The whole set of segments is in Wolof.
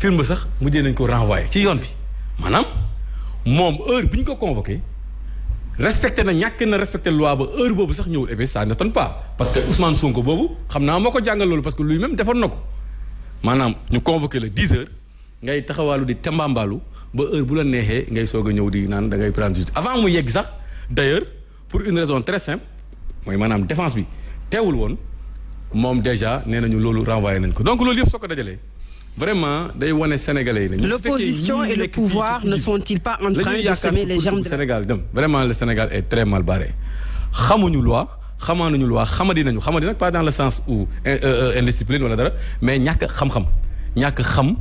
firme ba sax mujjee nañ ko renvoyé ci yoon bi maanaam moom heure bi ñu ko convoqué respecté na ñàkk na respecté loi ba heure boobu sax ñëwul et eh puis ça n'étonne pas parce que Ousmane Sonko boobu xam naa moo ko jàngal loolu parce que luy même defoon na ko maanaam ñu convoqué la 10 ngay taxawaalu di tambaambaalu ba heure bu la neexee ngay soog a ñëw di naan da ngay prendre juste avant mu yegg sax d'ailleurs pour une raison très simple mooy maanaam defence bi teewul woon moom déjà nee nañu loolu renvoyé nañ ko donc loolu yëpp soo ko dajalee vraiment day wane sénégalais yi. l'opposition et le pouvoir ne sont-ils pas en train de semer les germes de Sénégal dem vraiment le Sénégal est très mal barré xamuñu loi xamaa nañu loi xamadi nañu xamadi nag pas dans le sens où euh, euh, indiscipline wala dara mais ñàkk xam ñàkk xam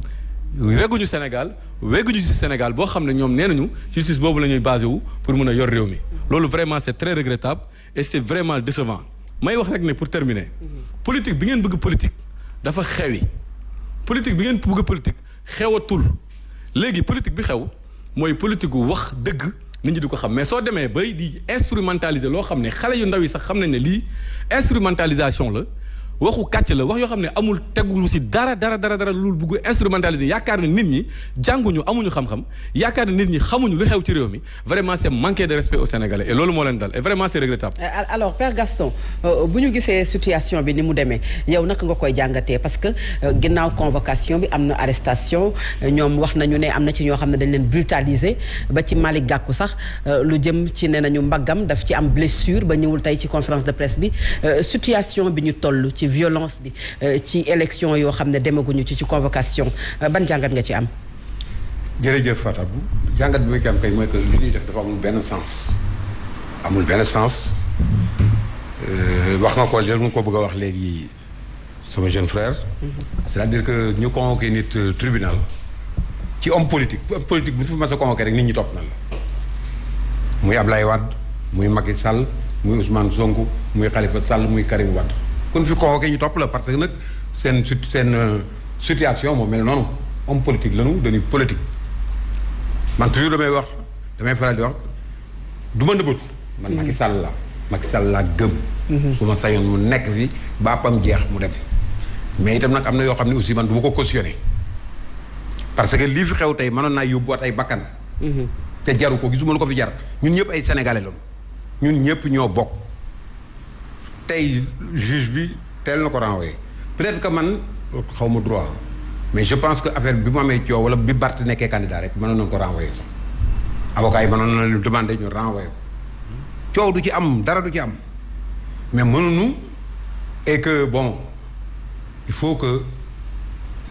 weguñu Sénégal weguñu ci Sénégal boo xam ne ñoom nee nañu justice boobu la ñuy basé wu pour mën a yor réew mi loolu vraiment c'est très regrettable et c'est vraiment décevant may wax rek ne pour terminer mhm. politique bi ngeen bëgg politique dafa xewi politique bi ngeen bëgg a politique xewatul léegi politique bi xew mooy politique gu wax dëgg nit ñi di ko xam mais soo demee bay di instrumentaliser loo xam ne xale yu ndaw yi sax xam nañ ne lii instrumentalisation la. waxu kàcc la wax yoo xam ne amul tegulu si dara dara dara dara lu bugg instrumentaliser yaakaar ne nit ñi jànguñu amuñu xam-xam yaakaar ne nit ñi xamuñu lu xew ci réew mi vraiment c'est manquer de respect aux Sénégalais et loolu moo leen dal et vraiment c'est regrettable. Euh, alors Père Gaston euh, bu ñu gisee situation bi ni mu demee yow naka nga koy jàngatee parce que euh, ginnaaw convocation bi am na arrestation ñoom wax nañu ne am na ci ñoo xam ne dañ leen brutaliser ba ci Malick Gakou sax lu jëm ci nee nañu mbaggam daf ci am blessure ba ñëwul tey ci conférence de presse bi situation violence bi euh, ci élection yoo xam ne demaguñu ci ci convocation euh, ban jàngat nga ci am. jërëjëf Fatou Abdou jàngat bi ma ci am kay mooy que ñuy def dafa amul benn sens amul benn sens euh, wax nga ko jël mu ko bëgg a wax léegi sama jeune frère. Mm-hmm. c'est-à-dire que ñu convoqué nit tribunal ci homme politique homme politique bu ñu fi mën a rek nit ñi topp nan la. muy Ablaye Wade muy Macky Sall muy Ousmane Sonko muy Khalifa Sall muy Karim Wade. kon fi convoqué ñu topp la parce que nag seen seen euh, situation moom mel noonu homme politique lañu dañuy politique man toujours damay wax damay faral di wax du ma nëbbatu man Macky Sall la Macky Sall laa gëm mhm. su ma sañoon mu nekk fi baapam jeex mu dem mais itam nag am na yoo xam ne aussi man du ma ko cautionné parce que lii fi xew tey mënoon naa yóbbuwaat ay bakkan mhm. te jaru ko gisuma lu ko fi jar ñun ñëpp ay sénégalais lañu ñun ñëpp ñoo bokk tey juge bi teel na ko renvoyé peut-être que man xaw ma droit mais je pense que affaire bi mu amee coow wala bi Barth nekkee candidat rek mënoon nañu ko renvoyé sax avocat yi mënoon nañu demandé ñu renvoyé ko coow du ci am dara du ci am mais mënuñu et que bon il faut que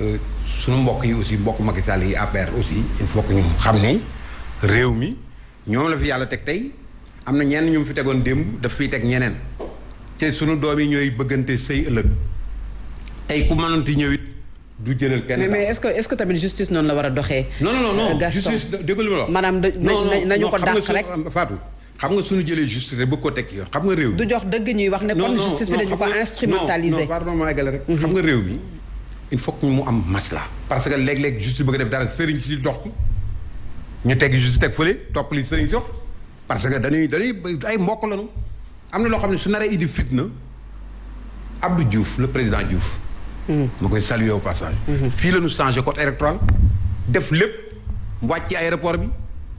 euh, suñu mbokk yi aussi mbokk ki Sall yi APR aussi il faut que ñu xam ni réew mi ñoom la fi yàlla teg tey am na ñenn ñu fi tegoon démb daf fiy teg ñeneen te suñu doom yi ñooy bëggante sëy ëllëg tey ku mënanti ñëw it du jëlal kenn mais mais est-ce que est-ce que war a doxee. non non non euh, justice xam nga suñu jëlee justice ko teg yoon xam nga réew du jox dëgg ñuy wax ne kon justice bi dañu ko instrumentaliser. non non pardon eggale rek. Mhm. xam nga réew mi il faut ñu mu am masla parce que léeg-léeg justice bëgg def dara sëriñ si dox ci ñu teg justice teg fële topp li sëriñ si wax parce que dañuy dañuy ay mbokk lañu am na loo xam ne su naree indi fitna Abdou Diouf la président Diouf. mu hmm. koy saluer au passage. Hmm. fii la ñu changé code def lépp wàcc ci aéroport bi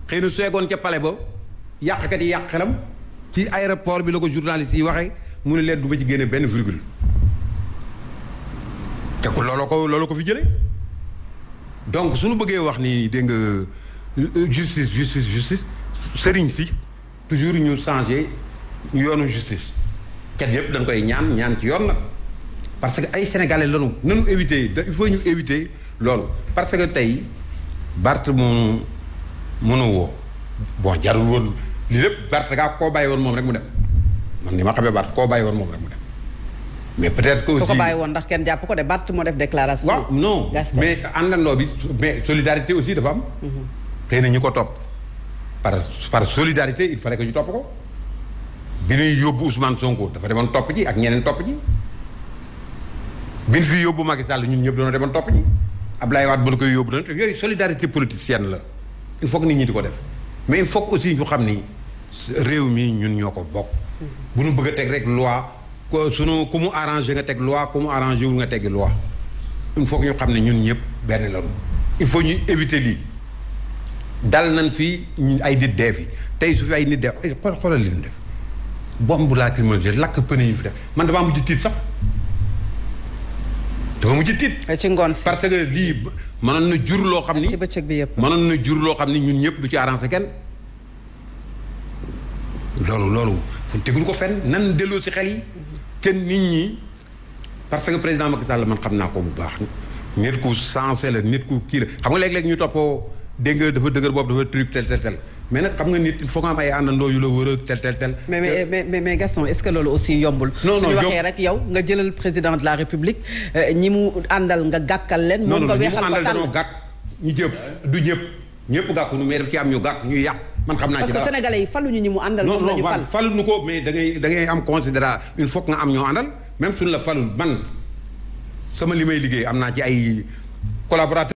xëy na su eggoon ca palais ba yàqkat yi yàq xelam ci aéroport bi la ko journaliste yi waxee mu ne leen du ma ci génne benn virgule. te ko looloo ko looloo ko fi jëlee donc suñu bëggee wax ni dégg nga euh, euh, justice justice justice sëriñ si toujours ñu changé. yoonu justice cat yëpp dañ koy ñaan ñaan ci yoon nag parce que ay sénégalais lañu nanu éviter il faut ñu éviter loolu parce que tey Bart mu mënu woo bon jarul woon li lépp Bart gaa koo bàyyi moom rek mu dem man ma xamee Bart koo bàyyi woon moom rek mu dem mais peut-être que aussi ko bàyyi woon ndax kenn jàpp ko de Bart moo def déclaration. waaw non mais àndandoo bi mais solidarité aussi dafa am. Mhm. xëy na ñu ko topp par par solidarité il fa que ñu topp ko. bi ñuy yóbbu Ousmane Sonko dafa demoon topp ji ak ñeneen topp ji bi ñu fi yóbbu Macky Sall ñun ñëpp doon demoon topp ji Ablaye Wade bu ñu koy yóbbu doon yooyu solidarité politicienne la il faut que nit ñi di ko def mais il faut que xam ni réew mi ñun ñoo ko bokk. bu ñu bëgg a teg rek loi ko sunu ku mu arrangé nga teg loi ku mu arrangé nga teg loi il faut xam ne ñun ñëpp benn la il faut ñu éviter lii dal nañ fi ay nit dee fi tey su fi ay nit dee xoolal li ñu def. bombe lacrymogène lakk pneu yi fi def man damaa mujj tiit sax dama mujj tiit. Eh, ci ngoon si parce que lii mënoon na jur loo xam ni. ci bëccëg bi yëpp mënoon na jur loo xam ni ñun ñëpp du ci arrangé kenn. loolu loolu tegul ko fenn nan delloo ci xel yi. te nit ñi parce que président Macky Sall man xam naa ko bu baax. nit ku sensé la nit ku kii la xam nga léeg-léeg ñu toppoo dégg nga dafa dëgër boobu dafa truc tel tel tel. mais nag xam nga nit il faut nga am ay àndandoo yu la wër ak tel tel tel. mais mais mais mais Gaston est-ce que loolu euh, àndal nga gàkkal leen. moom nga weexal ba tànn non non ñi mu àndal dañoo gàkk mais daf ci am ñu gàkk ñu yàq. man xam naa ci dara parce que sénégalais la ñu fal non non faluñu ko mais da ngay da ngay am considérat il faut que nga am ñoo àndal même suñu la falul man sama li may liggéey am naa ci ay collaborateur